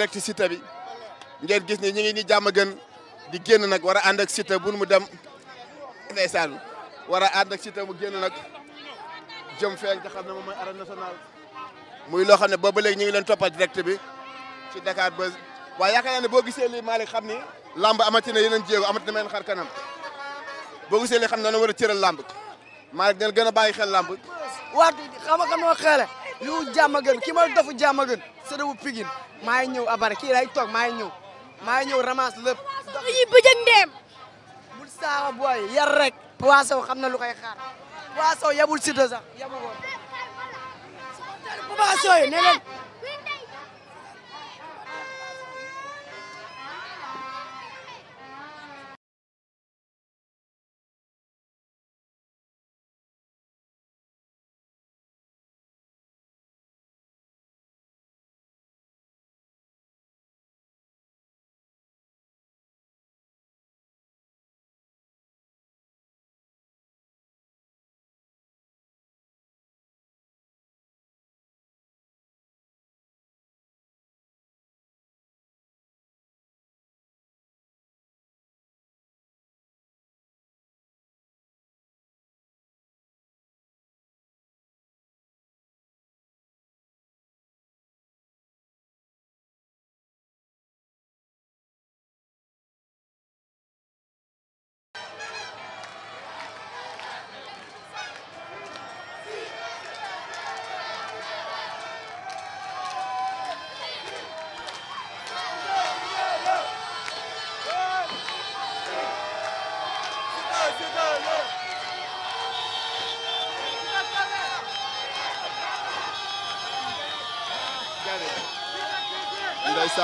direct Siteu bi ngeen gis ne ñu ngi ni jàmm gën di génn nag war a ànd ak Siteu bu mu dem ndeysaan war a ànd ak Siteu mu génn nag jëm fee nga xam ne moom mooy ara nationale mu loo xam ne boobu léegi ñu ngi leen toppal direct bi ci Dakar ba waaye yaakaar naa ne boo gisee lii Malick xam ni lamb amati na yeneen jéego amati na meen xar kanam boo gisee xam ne dañoo war a cëral lamb Malick dina gën a bàyyi xel lamb. waaw xam nga moo lu jàmma gën ki ma dafu jàmma gën sëdëbu pigin maa ngi ñëw abare kii lay toog maa ngi ñëw maa ngi ñëw ramasse lépp yi bëjëg ndeem bul saawa booy yar rek poisson xam na lu koy xaar poisson yabul Siteu sax yabu woon poisson yi ne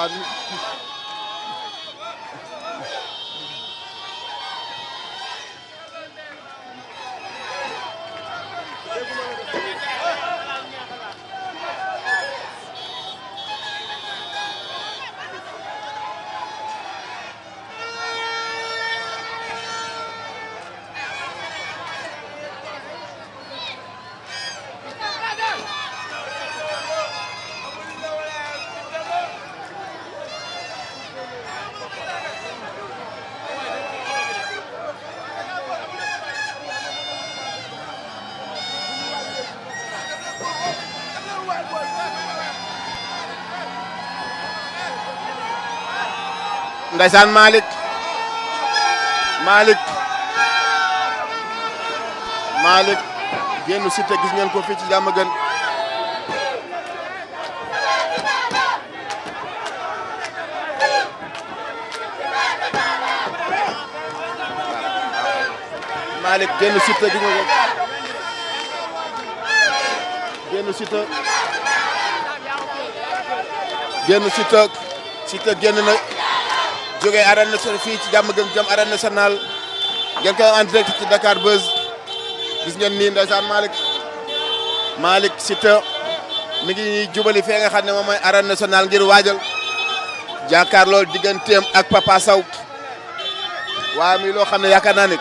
ndeysaan Ndaysaan Malick Malick Malick génn Siteu gis ngeen ko fii ci jàmm gën Malick génn Siteu gis nga ko génn Siteu génn Siteu Siteu génn na jógee arène nationale fii ci jàmm gën jëm arène nationale Dakar Buzz gis ngeen nii ndeysaan Malick Malick Siteu mi ngi ñuy jubali fee nga xam ne moom mooy arène nationale ngir waajal jàkkaarloo digganteem ak Papa Sow waaye mi loo xam ne yaakaar naa ne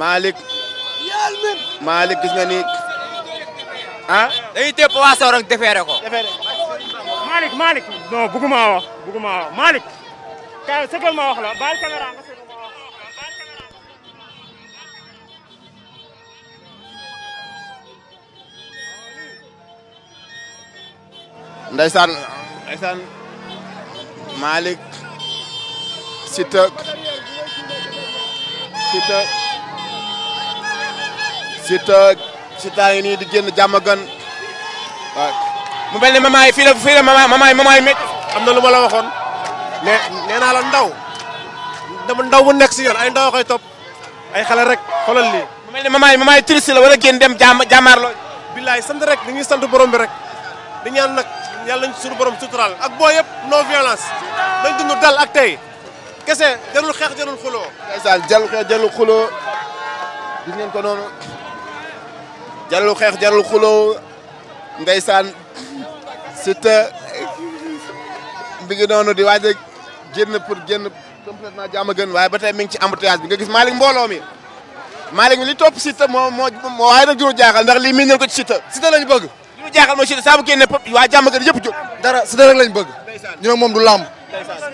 Malick Malick gis nga ni ah. dañuy téye Papa Sow rek defeere ko. defeere Malick Malick. non bëgguma wax bëgguma wax Malick. kaay sëgal ma wax la baal caméra nga sëgal ma wax. Ndeysaan Ndeysaan Malick Siteu Siteu Siteu yi nii di génn jàmm mu mel ne maman yi fii la fii la maman maman yi am na lu ma la ne nee naa la ndaw ndaw bu nekk si yoon ay ndaw koy topp ay xale rek xoolal lii. mu mel ne maman yi maman yi génn dem jàmm jàmmaarloo. billaay sant rek ni ñuy sant borom bi rek di ñaan nag yàlla nañ suñu borom suturaal ak boo yëpp non violence nañ dal ak tey kese jarul xeex jarul xuloo. ndeysaan jarul xeex jarul xuloo ko noonu. jarul xeex jarul xuloo ndeysaan Siteu mi ngi noonu di waaj a génn pour génn complètement jàmm gën waaye ba tey mi ngi ci embouteillage bi nga gis Malick mbooloo mi Malick mi li topp Siteu moo moo moo waaye nag juru jaaxal ndax lii mi nañ ko ci Siteu Siteu lañ bëgg juru jaaxal mooy Siteu saa bu génne pop waa jàmm gën yëpp jóg dara Siteu rek lañ bëgg ñu ne moom du lamb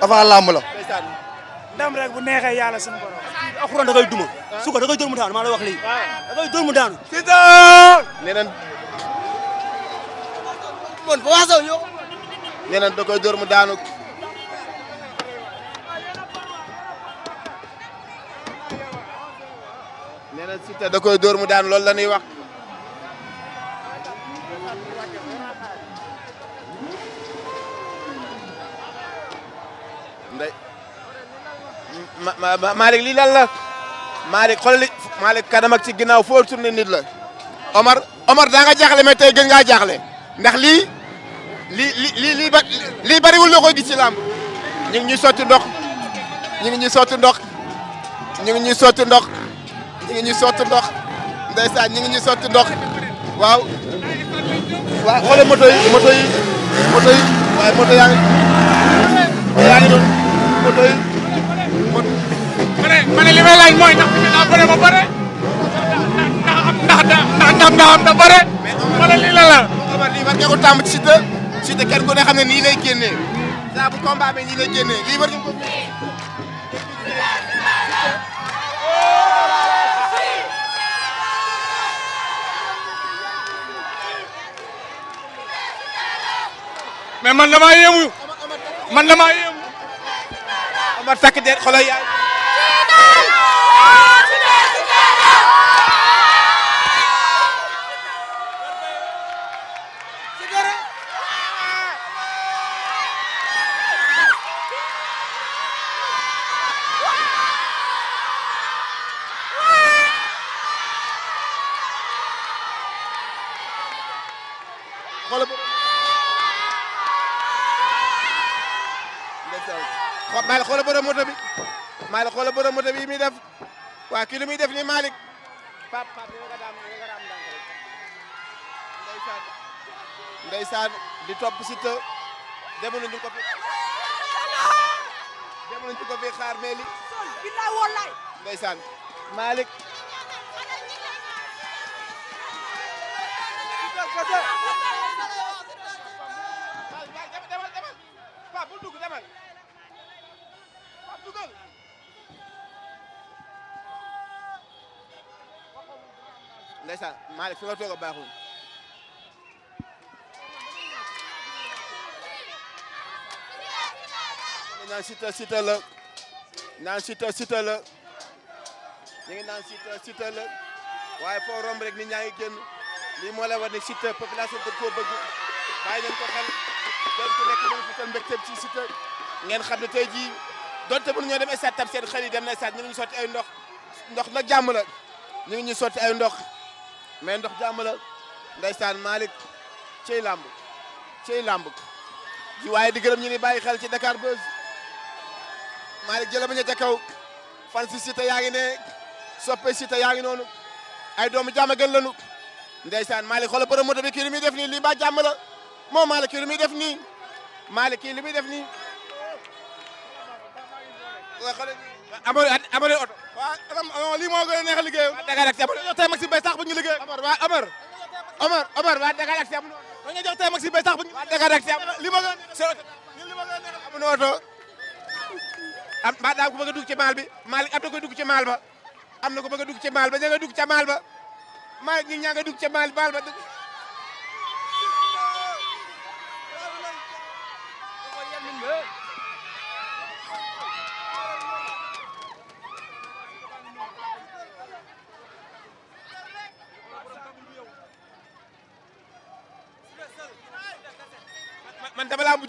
avant làmb la ndam rek bu neexee yàlla suñu borom. alxuraan da koy duma. su ko da koy mu daanu maa la wax léegi. da koy dóor mu daanu. Siteu. nee nañ. bon yow. nee nañ da koy mu daanu. nee nañ Siteu da koy dóor mu daanu loolu la ñuy wax. ma lii lan la Malick xoolal li Malick kanam ci ginnaaw foo tourné nit la. Omar Omar daa nga jaaxle mais tey gën ngaa jaaxle ndax lii lii lii lii ba lii bariwul ci làmb ñu ñuy sotti ndox ñu ngi ñuy sotti ndox ñu ngi ñuy sotti ndox ñu ngi sotti ndox ndeysaan ñu ngi ñuy sotti ndox waaw. waaw xoolal moto yi moto waaye moto yaa ngi yaa ngi doon ma ne li may laaj mooy ndax dina bëre ba bëre. ndax ndax ndax ndax ndax am na bëre. wala lii la la. xabar lii war ngeen ko tàmm ci Siteu. Siteu kenn ku ne xam ne nii lay génnee. saa bu combat bi nii lay génnee lii war ngeen ko. mais man damaa yéemu man damaa yéemu. Omar takk der xoolal yaay. xo may la xoola borom moto bi may la xoola borom moto bi mi def waa kii lu muy def ni Malick pap pap ni nga daam ni nga daam ndeysaan ndeysaan di topp si te demuñu ñu ko fi demuñu ñu ko fi xaar mais li billaay wallaay ndeysaan Malick demal demal pap bu dugg demal dugal ndeysaan Malick fi nga toog a baaxul naan Siteu Siteu la naan Siteu Siteu la ñu naan Siteu Siteu la waaye foo romb rek nit ñaa ngi génn lii moo la war ne Siteu bëgg bàyyi nañ ko xel kenn ku nekk nañ ngeen xam ne tey jii donte mënu ñoo dem stade tam seen yi dem na stade ñu ngi ñu ay ndox ndox nag jàmm la ñu ngi ñu sotti ay ndox mais ndox jàmm la ndeysaan Malick cey làmb cey làmb ji waaye di gërëm ñu ni bàyyi xel ci Dakar Buzz Malick jëla bañ a ca kaw fan si Siteu yaa ngi ne soppe Siteu yaa ngi noonu ay doomu jàmm gën lanu ndeysaan Malick xoolal borom moto bi kii li i def nii lii ba jàmm la moom Malick kii li muy def nii Malick kii li muy def nii amul amul oto. waaw lii moo gën a neex a liggéey. waa Dakar ak si amul tey mag si bay sax bu ñu liggéey. Omar waa Omar. Omar Omar waa Dakar ak si amul. ma nga jox tey sax bu ñu. waa Dakar ak si amul lii moo gën a a a a amul oto. am mbaa daa ko bëgg a dugg maal bi maal am na ko dugg ci maal ba. am na ko bëgg a dugg ci maal ba ña nga dugg ca maal ba. maal ñi ñaa nga dugg ca maal ba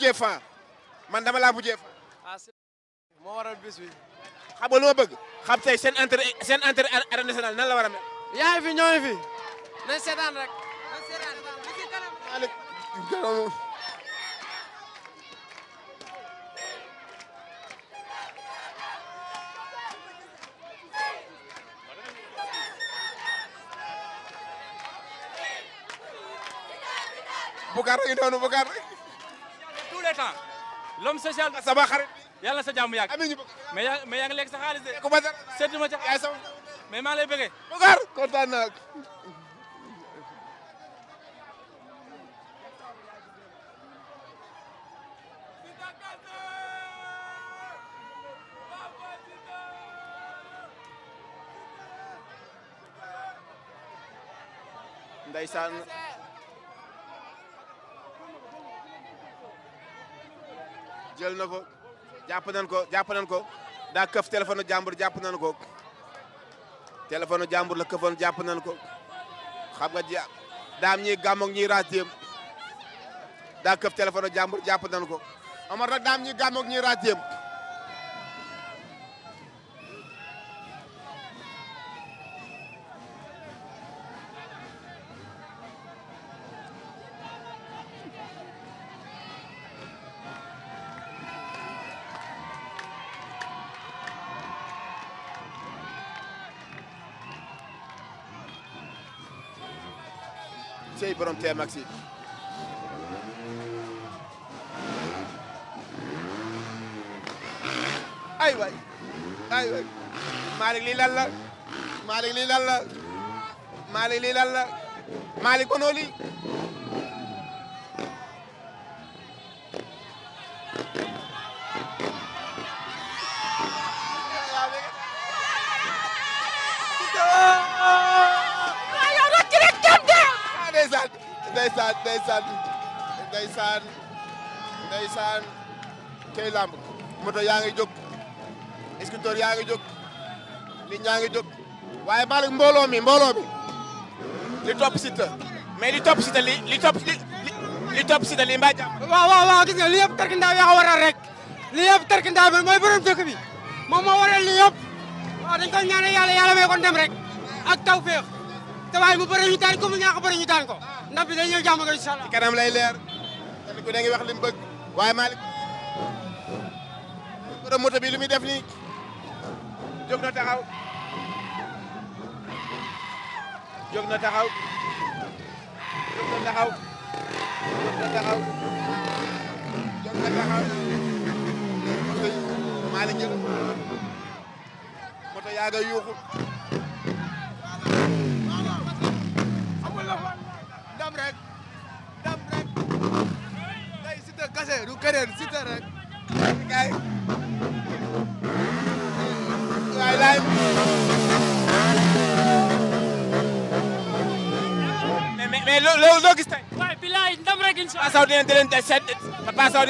mujjee fan man dama ah, moo waral bis bi. xam ma bëgg. xam tey seen inter seen inter arène nationale nan la war a fi ñoo fi. nañ seetaan rek. nañ seetaan rek. Boucar a ngi les temps l'homme social. sama xarit bi yàlla sa jàmm yàgg. amiin yaa lekk sa xaalis de. ku ma dara seetlu ma ca xaalis mais maa ngi lay bëggee. Boucar jël na ko jàpp nañ ko jàpp nañ ko daa këf téléphone jàmbur jàpp nañ ko téléphone jàmbur la këfoon jàpp nañ ko xam nga ja daam ñiy gàmm ak ñiy raas jéem daa këf téléphone jàmbur jàpp nañ ko Omar nag daam ñiy gàmm ak ñiy raas jéem Tokyo Maxi. ay waay ay waay Malick lii lan la lii lan la lii lan la Malick ndeysaan ndeysaan ndeysaan ndeysaan tey làmb moto yaa ngi jóg scooter yaa ngi jóg nit ñaa ngi jóg waaye Malick mbooloo mi mbooloo mi li topp Siteu mais li topp Siteu li li topp li li topp Siteu li mbaa jàmm waaw li yëpp tarkindaa yaa waral rek li yëpp tarkindaa mooy borom dëkk bi moom moo waral li yëpp waaw dañ ko ñaanal yàlla yàlla may ko ndem rek ak taw féex mu bëri ñu daan ko mu ñaax bëri ñu daan ko ndam bi day ñëw jàmm ak incha kanam lay leer. tamit ku ne ngi wax li waaye Malick. moto bi lu muy def nii. jóg na taxaw. jóg na taxaw. jóg na taxaw. jóg na taxaw. jóg na taxaw. moto yi Malick rek dem rek loo gis tey waay bilaay ndam rek inshallah Papa Sow dina delen te set Papa Sow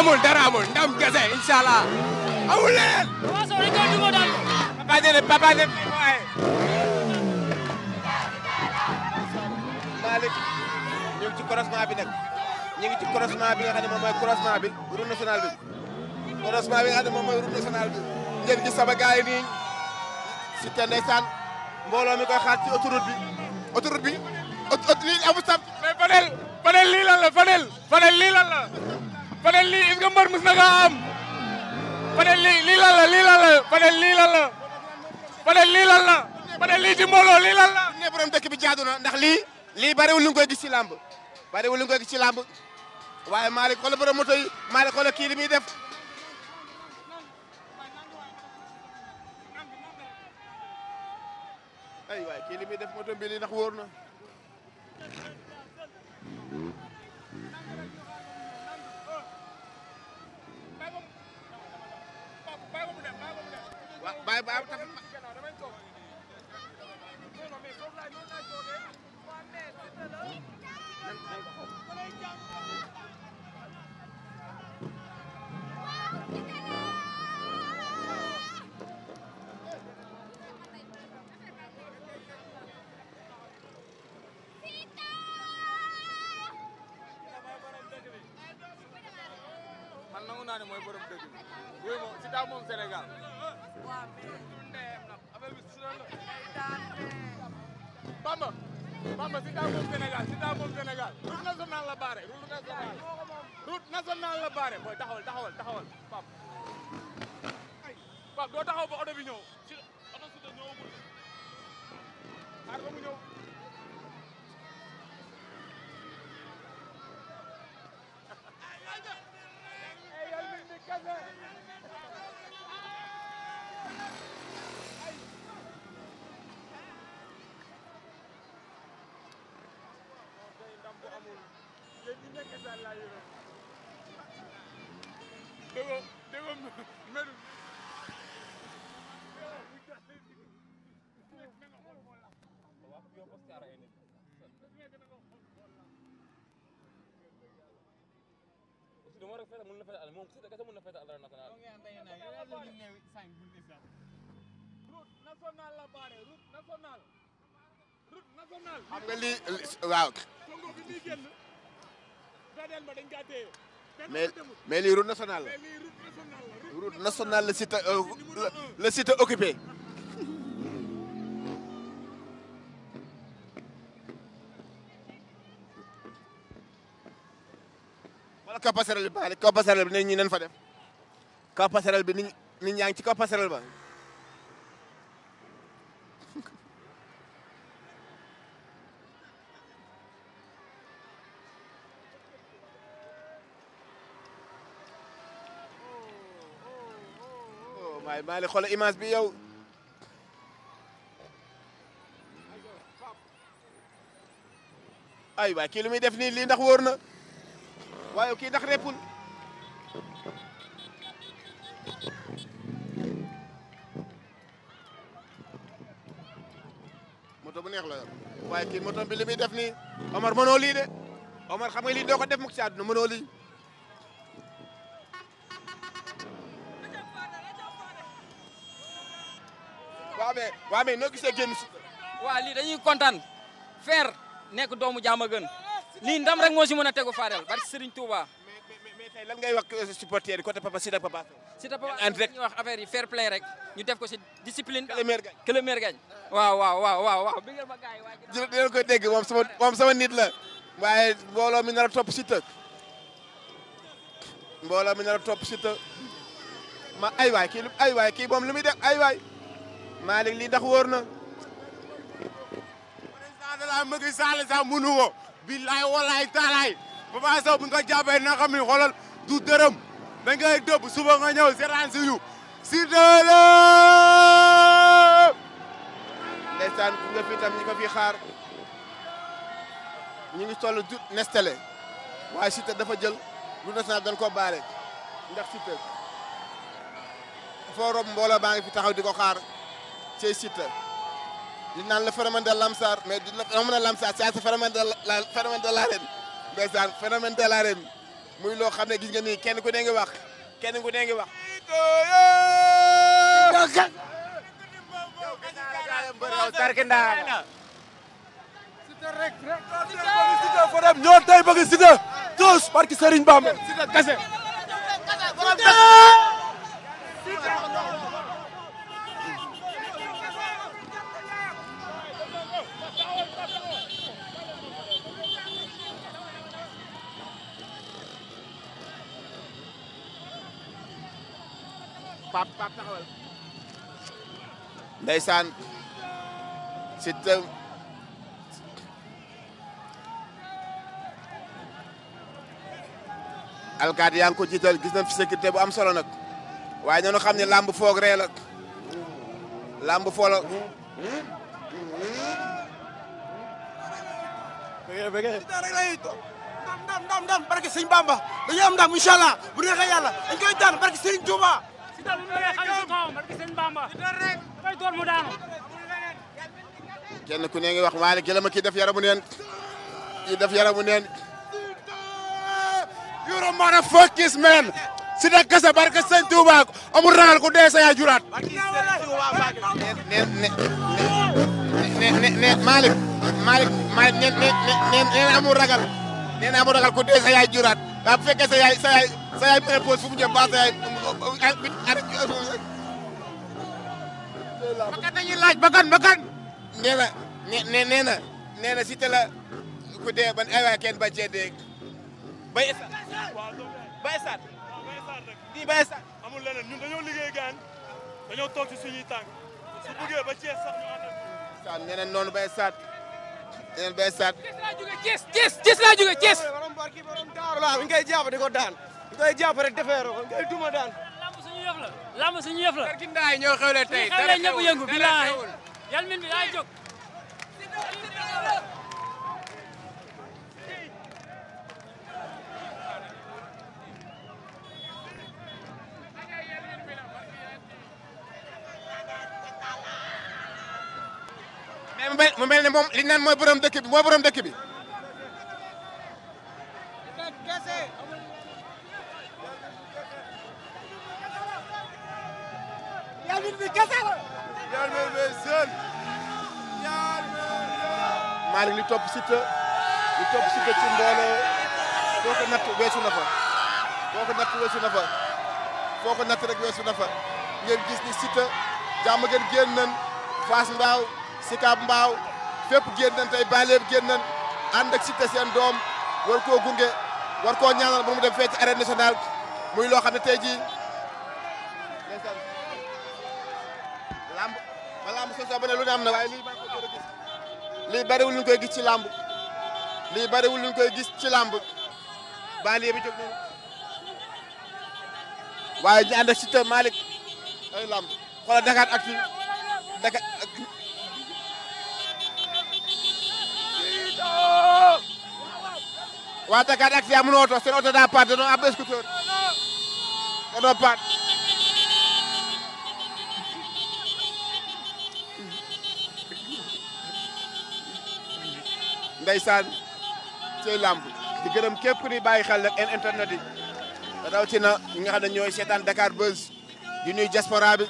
amul dara amul ndam kese inshallah awu leen. Papa Sow dañu koy duma daal. Papa Deme ci croisement bi nag ñu ci croisement bi nga xam ne moom mooy croisement bi bi. croisement bi nga xam ne moom mooy bi. ngeen gis sama gars yi nii si te ndeysaan mbooloo mi koy xaar ci bi autoroute bi autoroute lii amul sàmm. mais Fadel Fadel lii lan la Fadel lii lan la Fadel lii am. Fadel lii lii lan la lii lan la lii lan la lii lan lii ci ne borom dëkk bi na ndax lii lii bariwul lu koy gis ci làmb bariwul lu nga koy gis ci waaye Malick xoolal borom moto yi Malick xoolal kii li muy def. ay waay kii li muy def moto bi lii ndax wóor na. bàyyi bàyyi tamit man nangu naa ne mooy borom dëgg bi moom si taa moom Sénégal Bamba Bamba Siteu moom Sénégal Siteu moom Sénégal route nationale la baare route nationale route nationale la baare booy taxawal taxawal taxawal Pape Pape doo taxaw ba oto bi ñëw ci oto Siteu ñëwagul xaar ba mu ñëw du ma rek feete mën na feete àll moom Siteu kese mën na feete national. la baare route nationale. route dañ kaa téye. mais mais lii route nationale la. route la Siteu occupé. kaw passerelle bi baale kaw passerelle bi nit ñi nañ fa def kaw passerelle bi nit nit ñaa ngi ci kaw passerelle ba. Oh, maa ngi xool image bi yow. ay waay kii lu muy def nii lii ndax wóor na. waaye kii ndax moto bu neex la yor waaye kii moto bi li muy def nii Omar mënoo lii de Omar xam nga doo ko def mukk ci àdduna mënoo lii waaw mais waaw mais noo gisee génn si waaw lii dañuy kontaan faire nekk doomu jaam lii ndam rek moo si mën a tegu Fadel barke Serigne Touba. mais tey lan ngay wax supporter yi côté Papa Sida Papa. Sida Papa ñuy wax affaire yi fair play rek ñu def ko si discipline. que le maire gagne que le maire gagne. waaw waaw waaw waaw waaw. jërëjëf koy dégg moom sama moom sama nit la. waaye mbooloo mi nar a topp Siteu mbooloo mi nar a topp Siteu ma ay waay kii ay waay kii moom lu muy def ay waay Malick lii ndax wóor na président de la Macky Sall sax mënu ko billaay walaay taalaay Papa Sow bu ñu ko xam ni xoolal du dërëm dañ koy dëbb suba nga ñëw seetaan si ñu Siteu la ndeysaan ku nga fi tam ñi fi xaar ñu ngi toll du nestele waaye Siteu dafa jël lu national dañ ko baale ndax Siteu foo rob mbooloo baa ngi fi taxaw di ko xaar ci Siteu di naan le phénomène de Lamsar mais du phénomène de Lamsar c'est le phénomène de la phénomène de l'arène ndeysaan phénomène de l'arène muy loo xam ne gis nga nii kenn ku ne ngi wax kenn ku ne ngi wax. ñoo tey bëgg Siteu tous parce que Serigne Bamba Siteu pap pap taxawal ndeysaan Siteu alkaati yaa ngi ko jiital gis nañ fi sécurité bu am solo nag waaye ñoo xam ne làmb foog ree la làmb foo la ndam ndam ndam barke sëñ Bamba dañu am ndam incha allah bu neexee yàlla dañ koy daan barke sëñ Touba Siteu bu mu dee xale si kawam barki sëñ Bamba koy door mu daanu ku ne wax Malick Gueye kii def yaramu neen kii def yaramu neen yoro mana focus man Siteu kese barke sëñ Touba amul ragal ku dee sa yaa juraat ne ne ne Malick Malick Malick ne ne ne amul ragal nee na amul ragal ku dee yaay juraat waaw bu yaay sa yaay préposé fu mu jëm ba sa yaay bakkan dañuy laaj bakkan bakkan nee na nee na nee na si te la ku dee ban ay waay kenn ba cee dee bay esat bay esat nii bay esat amul leneen ñun dañoo liggéey gaan dañoo toog ci suñuy tànk su bëggee ba Thiès sax ñu ànd ak nee na noonu bay esat nee na bay esat Thiès laa jóge Thiès Thiès Thiès laa jóge Thiès borom barki borom daaru ko daan day jàpp rek defee ko ngay duma daan. lamb suñu yëf la. lamb suñu yëf la. ñoo xewle tey dara xewul ñëpp yëngu bi laa yal min bi daa jóg. moom li mooy borom dëkk nit bi kese la. ñaar bébé seen. ñaar bébé. Malick li topp Siteu li topp Siteu ci mbooloo foo natt weesu na fa natt weesu weesu na fa ngeen gis ni Siteu jàmm ngeen génn nañ Fass Mbao Sicap Mbao tey Baleeb génn nañ ànd ak Siteu seen doom war koo gunge war koo ñaanal ba mu dem fee ci muy loo xam ne tey jii. lamb ba lamb sosoo ba ne lu ne na waaye lii bari ko gis lii bariwul ci lamb lii bariwul luñ koy gis ci lamb banlieue bi jóg noonu waaye ñu ànd ak Siteu Malick ay lamb xoolal Dakar ak fi Dakar ak waa daa paat danoo ab scooter danoo paat ndeysaan cey làmb di gërëm képp ku ni bàyyi xal nag internet yi rawatina ñi nga xam ne ñooy seetaan Dakar Buzz di nuy diaspora bi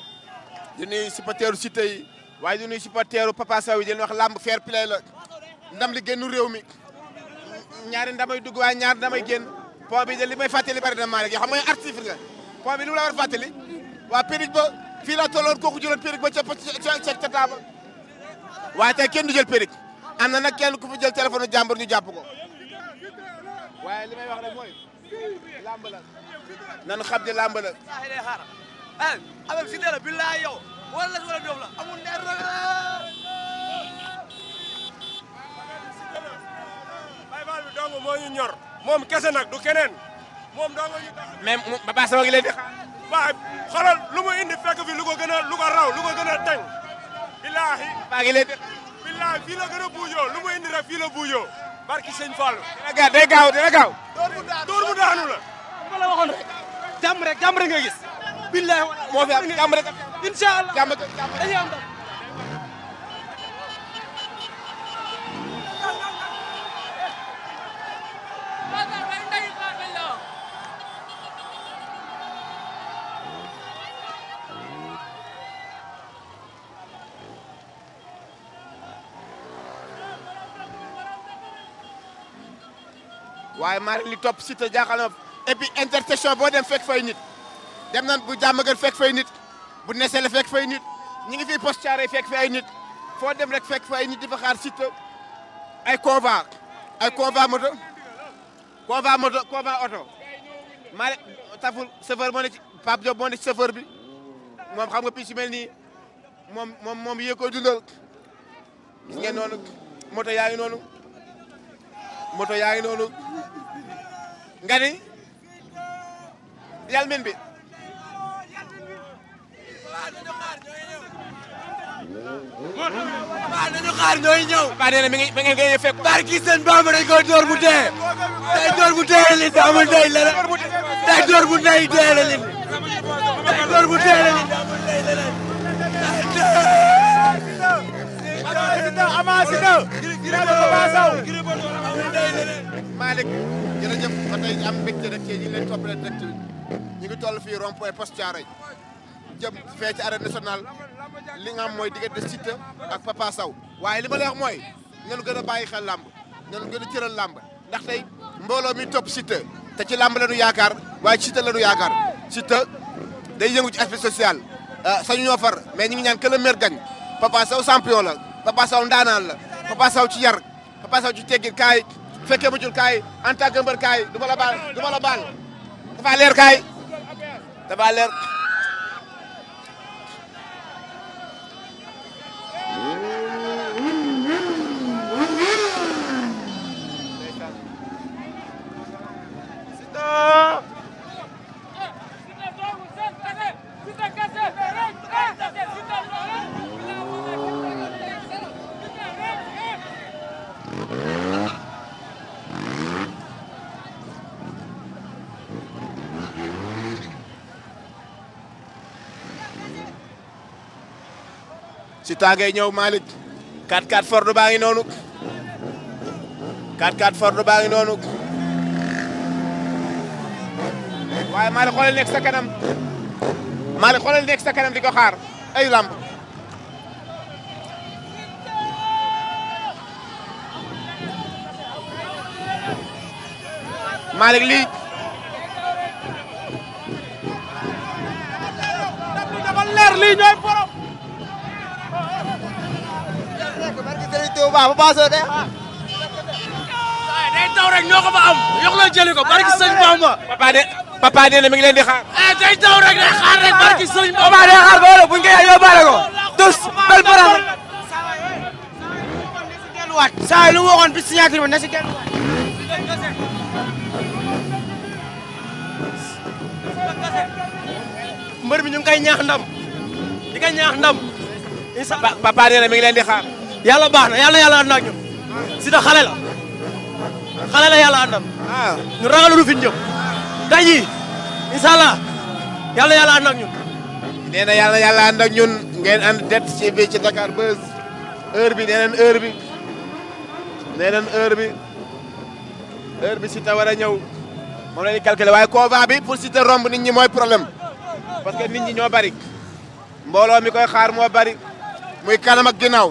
di nuy supporteru Cité yi waaye di nuy supporteru Papa Sow yi di wax làmb fair play la ndam li génn réew mi ñaari ndamay dugg waaye ñaari ndamay génn po bi li may fàttali bari na maa rek xam nga artiste nga po bi lu la war fàttali waa périg ba fii laa tolloon kooku jëloon périg ba ca ca ca taaba waaye kenn du jël périg am na nag kenn ku fi jël téléphone jàmbur ñu jàpp ko waaye li may wax rek mooy làmb la nan xam ne làmb la. saa eh, yow wala la wala doof la amul ndéem la. Baye Fall bi ñor moom kese nag du keneen moom dong ñu tax. mais mu Papa Sow gi lay def. waaw indi fekk fi lu ko gën a lu ko raw lu ko gën billaahi. baa ngi lay bilaay fii la gën a buujoo lu mu indi rek fii la buujoo barki sëñ Fallou dina gaaw day gaaw dina gaaw dóor bu daanu la ma la waxoon rek jàmm rek jàmm rek nga gis bilaay moo fi am jàmm rek incha allah jàmm dañuy am waaye mari li topp Siteu jaaxal na et puis intersection boo dem fekk fay nit dem nan bu jàmmagën fekk fay nit bu nesele fekk fay nit ñi ngi fi poste Thiaroye fekk fi ay nit foo dem rek fekk fi ay nit di fa xaar Siteu ay convoi ay convoi moto convoi moto convoi oto mari taful chauffeur moo ne ci Pape Diop bi moom xam nga picc mel nii moom moom moom yéeg koy dundal gis noonu moto yaa noonu moto yaa ngi noonu nga ni yalmin bi waaw nañu xaar ñooy ñëw. waaw nee na mi ngi mi ngi fekk. barki seen Bamba dañ koy door bu dee. day door bu dee la lin bi amul ndey door bu dee la door bu dee la lin amul ndey leneen. Siteu Ama Siteu. Gris Bordeaux Gris Bordeaux Malick jërëjëf ba tey am mbégte rek ci ñi leen toppale direct ñu ngi toll fii rond point poste Thiaroye jëm fee ci arène nationale li nga xam mooy diggante Siteu ak Papa Sow waaye li ma lay wax mooy ngeen gën a bàyyi xel làmb ngeen gën a cëral làmb ndax tey mbooloo mi topp Siteu te ci làmb le ñu yaakaar waaye ci Siteu la ñu yaakaar Siteu day yëngu ci aspect social euh, sañu ñoo far mais ñu ngi ñaan que le maire gagne Papa la Papa saw ndaanaan la Papa Sow ci yar Papa Sow ci teggin kaay bu fekkee muccul kaay en tant que mbër kaay du ma la baal du ma la baal dafa leer kaay dafa leer. Corta ngay ñëw Malick 4-4 Ford baa ngi noonu 4-4 Ford baa ngi noonu waaye Malick xoolal nekk sa kanam Malick nekk sa kanam di ko xaar ay lamb Malick Serigne Touba Papa Sow day xaar. day taw rek ñoo ko fa am. yokk ko barki sëñ Bamba. papa de papa de ne mi ngi leen di xaar. day taw rek day xaar rek barki sëñ Bamba. papa day xaar ba wala buñ ko yaay yóbbaale ko. tos bel baral. saa yi lu mu waxoon bi signature bi na si delluwaat. mi ñu ngi koy ñaax ndam. di ko ñaax ndam. na mi ngi xaar. yàlla baax na yàlla yàlla ànd ak ñun Siteu xale la xale la yàlla ah. fi ñu jëm. tey jii yàlla yàlla ànd ak ñun. nee na yàlla yàlla ànd ak ñun ngeen ànd det ci bi ci Dakar ba heure bi nee nañ heure bi nee nañ heure bi heure bi Siteu war a ñëw moom la ñuy calculer waaye combat romb nit ñi mooy problème parce que nit ñi ñoo bari mbooloo mi koy xaar moo bari muy kanam ak ginnaaw.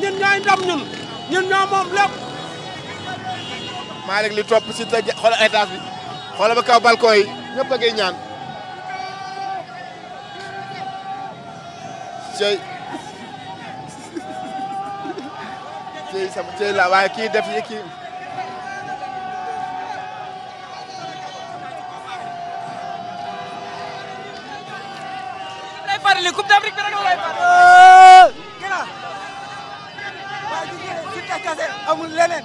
ñun ñooy ndam ñun ñun ñoo moom lépp. Malick li topp si te xoolal étage bi xoolal ba kaw balcon yi ñëpp a ngi ñaan. cey cey sama cey la waaye kii def yi kii. Siteu kase amul leneen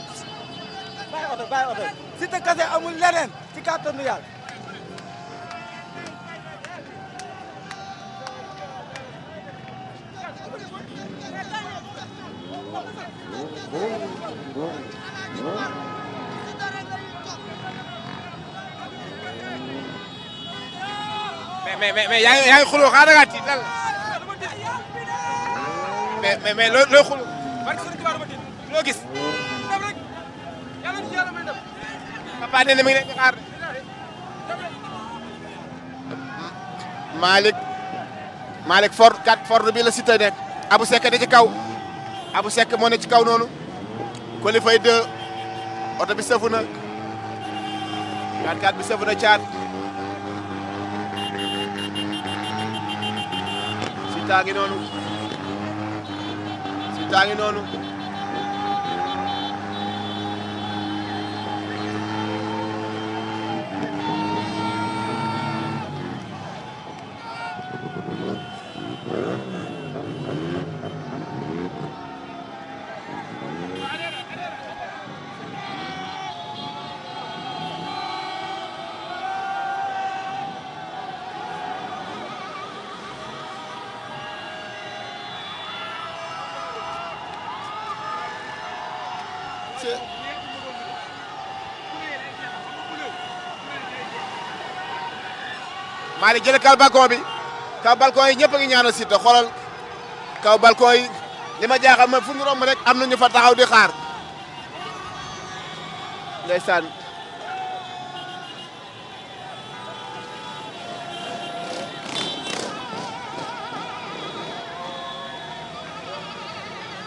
bàyyi oto bàyyi oto Siteu kase amul leneen ci kàttanu yàlla. mais mais mais yaa ngi yaa ngi xuloo xaaral nga tiit lan la mais mais mais looy xuloo. loo gis. dem rek yàlla ci yàlla may dem. papa nee na mi ngi nekk xaar. Malick Malick Ford bi la Siteu nekk. ci kaw. Abu Seck moo ne ci kaw noonu. Colifay 2 oto bi sëfu na. 4-4 caat. Siteu a ngi noonu. Waly jëlee kaw bi kaw balcon yi ñëpp a ngi ñaanal Siteu xoolal kaw balcon yi li ma jaaxal ma fu mu romb rek am na ñu fa taxaw di xaar ndeysaan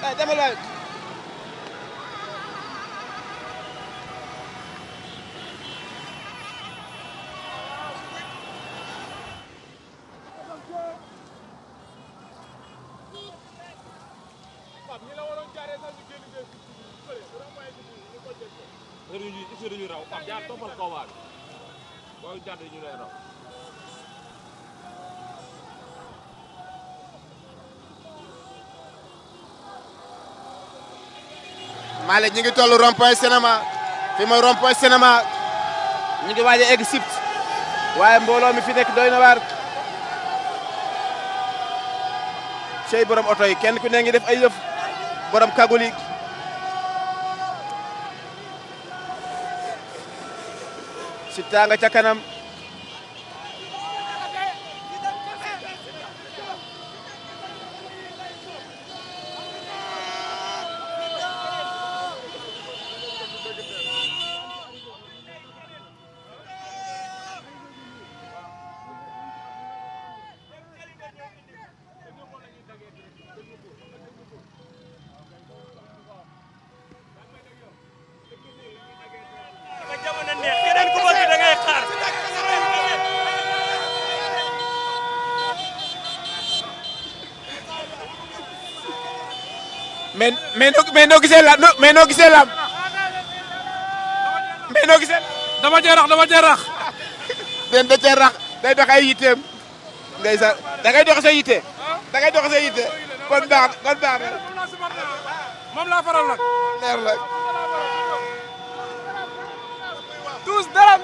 eh, demal Pape ñi yu ñu heure yu ñu raw Pape jaar toppal ñi ngi toll rond-point fi mooy rond-point ñi ngi waaj a waaye mbooloo mi fi nekk doy na cey borom oto yi kenn ku ne ngi def ay yëf borom kagolik Siteu nga ca kanam mais noo mais noo gisee la mais noo gisee laam mais noo gisee. dama cee rax dama cee rax. den da cee rax day dox ay yitteem. ndeysaan da ngay dox sa yitte. da ngay dox sa yitte kon baax kon baax na. moom laa faral nag. leer la. tous dara.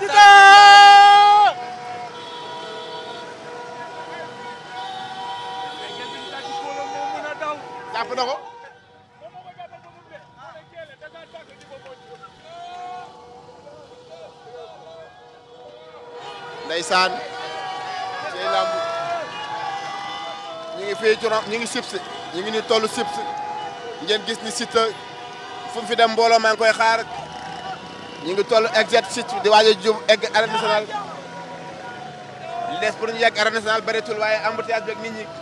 Siteu. jàpp na ko. ndeysaan cey làmb ñu ngi fii ci ñu ngi sib si ñu ngi ni toll sib si gis ni Siteu fu fi dem mbooloo maa ngi koy xaar ñu ngi toll exet Siteu di waaj a jub egg arène nationale li des pour ñu yegg arène nationale bëreetul waaye embouteillage beeg nit ñi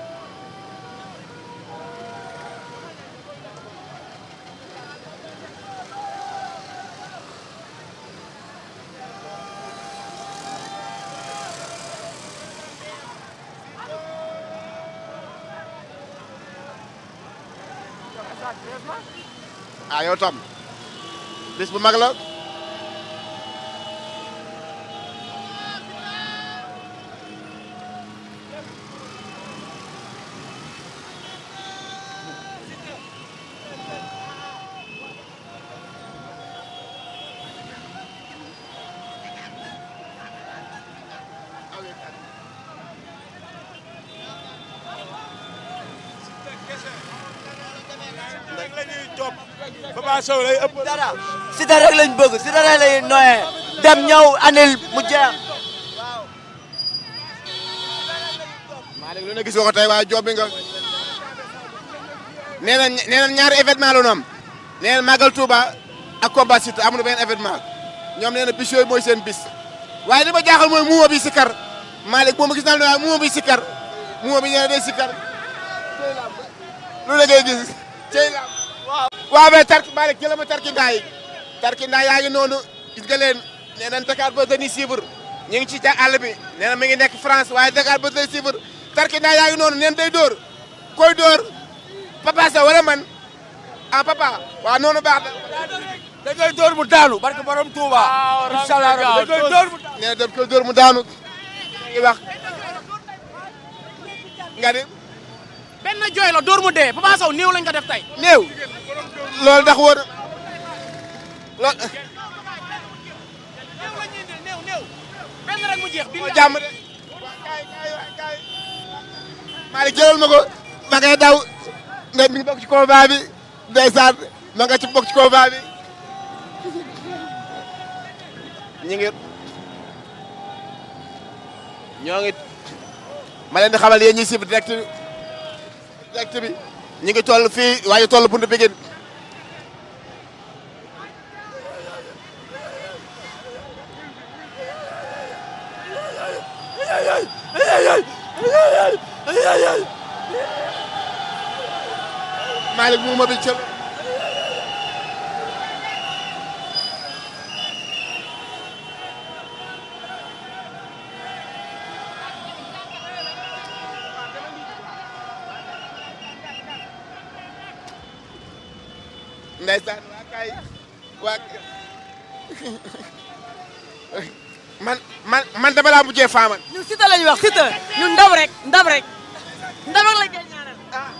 ah yow tam bis bu mag la. Papa Sow lay ëpp dara Siteu rek lañ bëgg Siteu rek lay noyee dem ñëw anil mu jeex. Malick lu ne gis nga ko tey waaye jobbi nee na nee na ñaari événement la ñu am na Magal Touba ak combat Siteu amul benn événement ñoom nee na bis yooyu mooy seen bis. waaye li ma jaaxal mooy muuma bi Sikar Malick moom gis naa ne waaye muuma bi Sikar muuma bi nee na day Sikar. lu la ngay gis waaw mais tarki maa rek jëlama tarki ndaay tarki ndaay yaa ngi noonu gis nee nañ Dakar ba dañuy suivre ñu ngi ca àll bi nee na mi ngi nekk France waaye Dakar ba dañuy suivre tarki ndaay yaa ngi noonu neen day dóor koy dóor papa sa wala man ah papa waaw noonu baax da koy mu daanu barke borom Touba ah, incha allah da koy mu daanu nee na benn jooy la dóor mu dee Papa Sow néew lañ ko def tey. néew loolu ndax wóor lool benn rek mu de Malick jëlal ma ko ma ngay daw ne mi ngi ci combat bi ndeysaan ma nga ci bokk ci combat bi ñu ngi ñoo ngi ma leen di xamal yéen ñuy suivre direct direct bi ñu ngi toll fii waaye toll buntu Pikine Malick mu dama laa mujjee faaman. wax Siteu ñun ndam rek ndam rek ndam rek lañ koy ñaanal.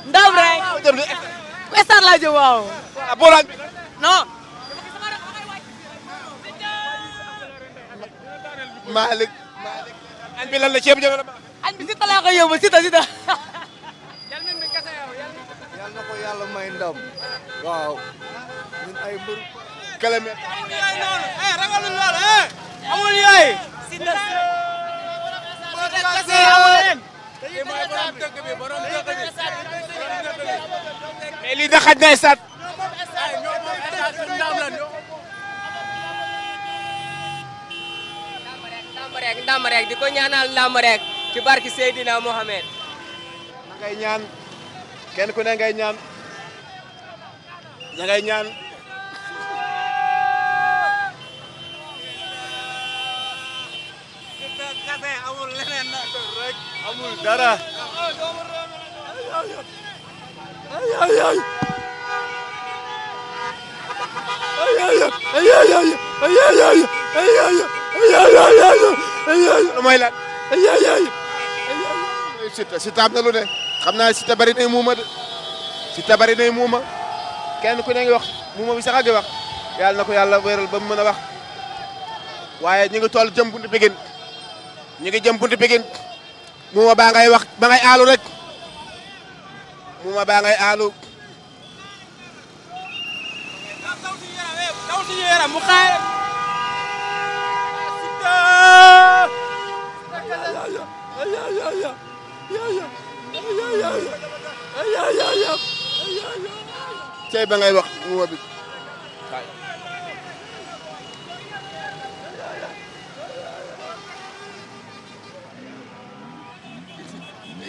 ndam rek. Ah, waaw stade laa jëm waaw. ah bi. lan la ceeb jëloon. bi Siteu laa koy yóbbu Siteu Siteu. yal na ko yàlla may ndam. waaw. ñun ay mbër. kilomètre. amul yooyu si des. si des kese yi amu leen. mais lii da xaj na stade. ndam rek ndam rek di ko ñaanal ndam rek ci barki Seydina Mohamed. na ngay ñaan kenn ku ne ngay ñaan na ngay ñaan. amul dara ay ay ay mooy lan Siteu Siteu am na lu ne xam naa Siteu bari nay muuma de Siteu bari nay muuma kenn ku ne ngi wax muuma bi sax a ngi wax yàlla na ko yàlla wéral ba mu mën a wax waaye ñu ngi toll jëm buntu Pikine ñu ngi jëm buntu Pikine muuma baa ngay wax ba ngay aalu rek muuma baa ngay aalu. cey ba ngay wax muuma bi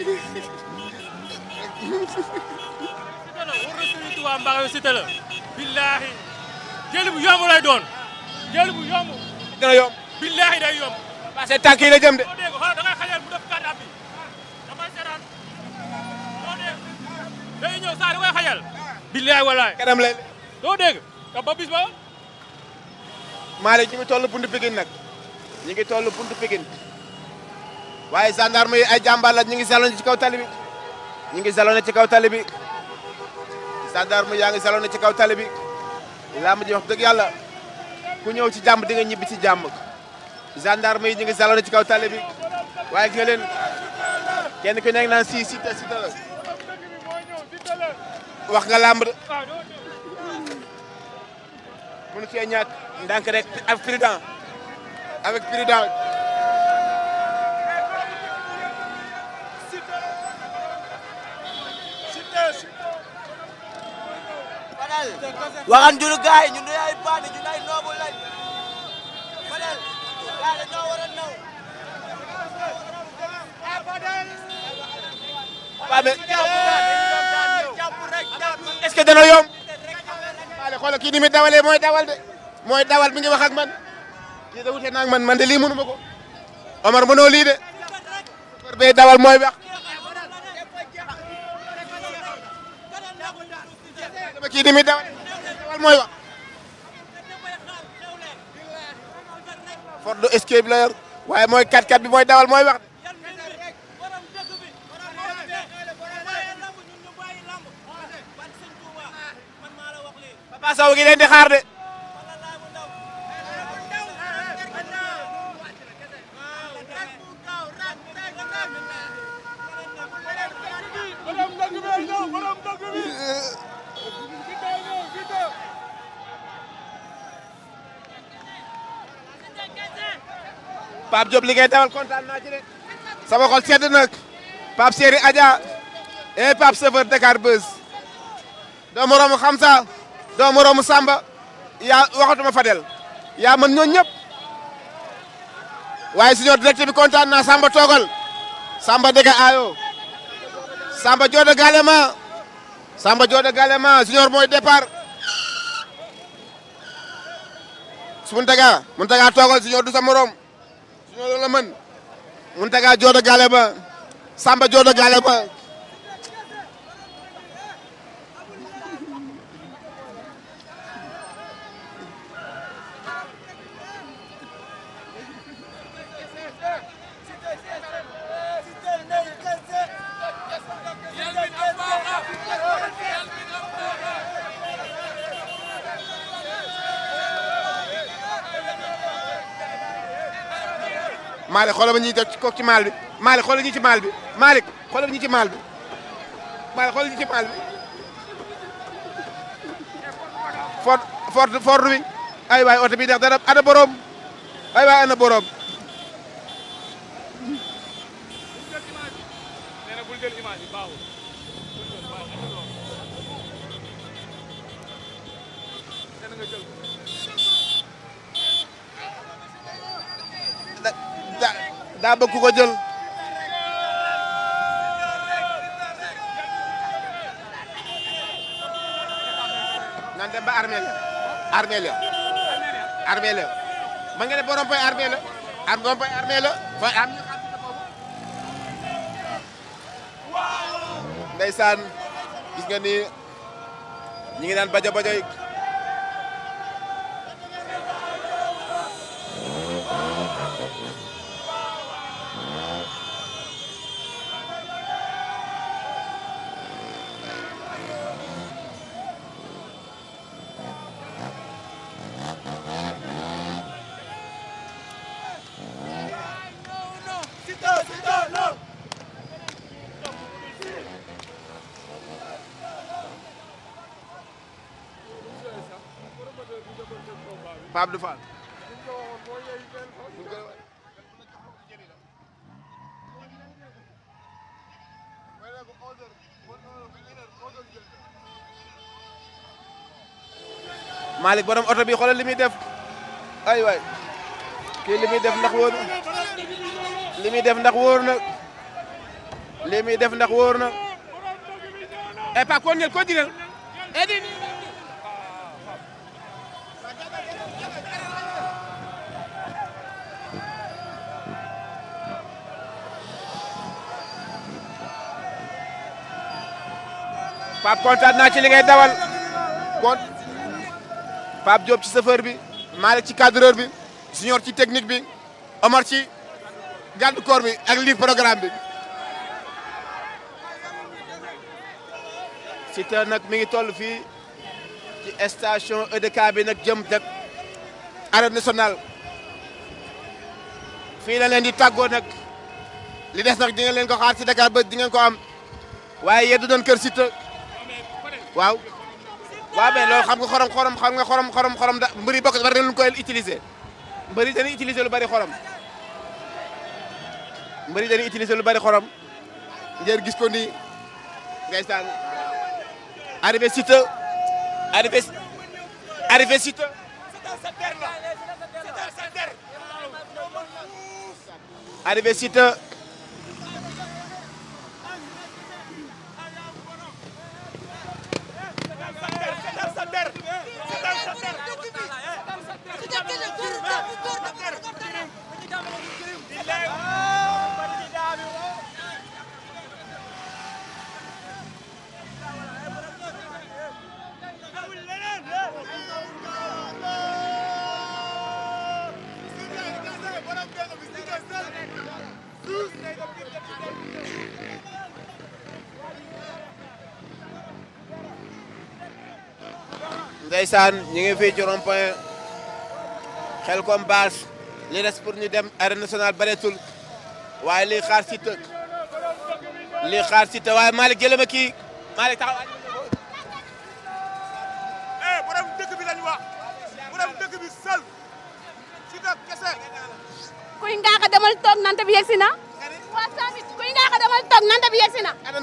Siteu la war na Serigne Touba billaahi jël bu yomb lay doon jël bu yomb dana billaahi day yomb parce que tànk yi de doo dégg xoolal mu def carte d'appui damay doo dégg day ñëw saa da koy xajal billaahi wallaahi kanam lay doo dégg da ba waaye gendarme yi ay jàmbaar la ñu ngi salone ci kaw tali bi ñu ngi salone ci kaw tali bi gendarme yaa ngi salone ci kaw tali bi làmb ji wax dëgg yàlla ku ñëw ci jàmm di nga ñibbi ci jàmm gendarme yi ñu ngi salone ci kaw tali bi waaye nga leen kenn ku nekk naan si sita sita la wax nga làmb de mënu cee ñàkk ndànk rek ak prudent avec prudent waxan junu gaay ñun du ay bandi ay noobu lañ Fadel gaay dañoo war a naw eh, est-ce que dana yomb waale xoolal kii mooy dawal de mooy dawal mi ngi wax ak man kii da man man de lii mënu ma ko Omar lii de bee dawal mooy wax kii ni dawal mooy wax Ford Escape la waaye mooy 4 x bi mooy dawal mooy wax Papa Sow gi leen di xaar de Diop li ngay dawal kontaan naa ci de sama xol sedd nag Pape Chéri Adja et Pape Chauffeur Dakar Buzz doo moroomu Xamsa Samba yaa waxatuma Fadel yaa mën ñëpp waaye suñu ñoor bi kontaan naa Samba toogal Samba dega ayo Samba jooda galema Samba jooda galema junior mooy départ su mun taga mun taga toogal junior du sa morom ñoo la man Mountaga joodo gaale ba Samba joodo gaale ba xoolal ma ñuy def kooku ci maal bi Malick xoolal ñu ci maal bi Malick xoolal ñu ci maal bi Malick xoolal ñu ci maal bi ay waay oto bi ndax dara ana borom ay waay ana borom daa bëgg ko jël nan dem ba armeel armeel armeel ma nga ne borom poy armeel ar borom poy armeel fa am ndeysaan gis nga ni ñi ngi naan baja baja Pa Abdou Fall. Malick borom oto bi xoolal li muy def ay waay kii li muy def ndax wóor na li muy def ndax wóor na li muy def ndax wóor na. eh Pa continuel continuel. Pape kontaan naa ci li ngay dawal kon Pape ci chauffeur bi Malick ci cadreur bi Junior ci technique bi Omar ci garde corps bi ak lii programme bi. Siteu nag mi ngi toll fii ci station EDK bi nag jëm dëkk arène nationale fii la leen di tàggoo nag li des nag di leen ko xaar ci Dakar ba di ko am waaye yeddu doon kër waaw waaw mais loolu xam nga xorom xorom xam nga xorom xorom xorom da mbër yi bokk war nañu koy utiliser mbër yi dañuy utiliser lu bari xorom mbër yi dañuy utiliser lu bari xorom ngeen gis ko ni ndeysaan arrivé site arrivé arrivé site arrivé Ndeysaan ñu ngi fii ci rond-point Xelcom Basse li des pour dem arène nationale bareetul waaye li xaar Siteu li xaar Siteu waaye Malick jëlee ma kii Malick taxaw. eh borom dëkk bi lañ wax borom dëkk bi yegsi na. waa saa bi kuy ngaaxa demal bi yegsi na. ana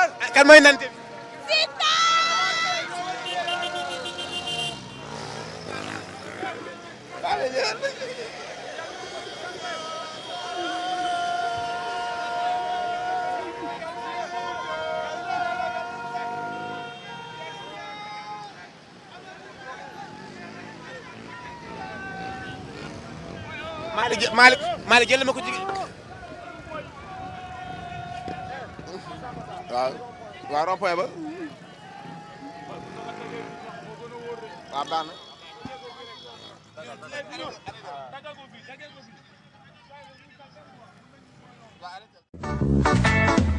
ah? eh? mooy nante bi. Malick jë Malick ma ko jigéen waaw waaw rond-point dagal ko fii dagal ko fii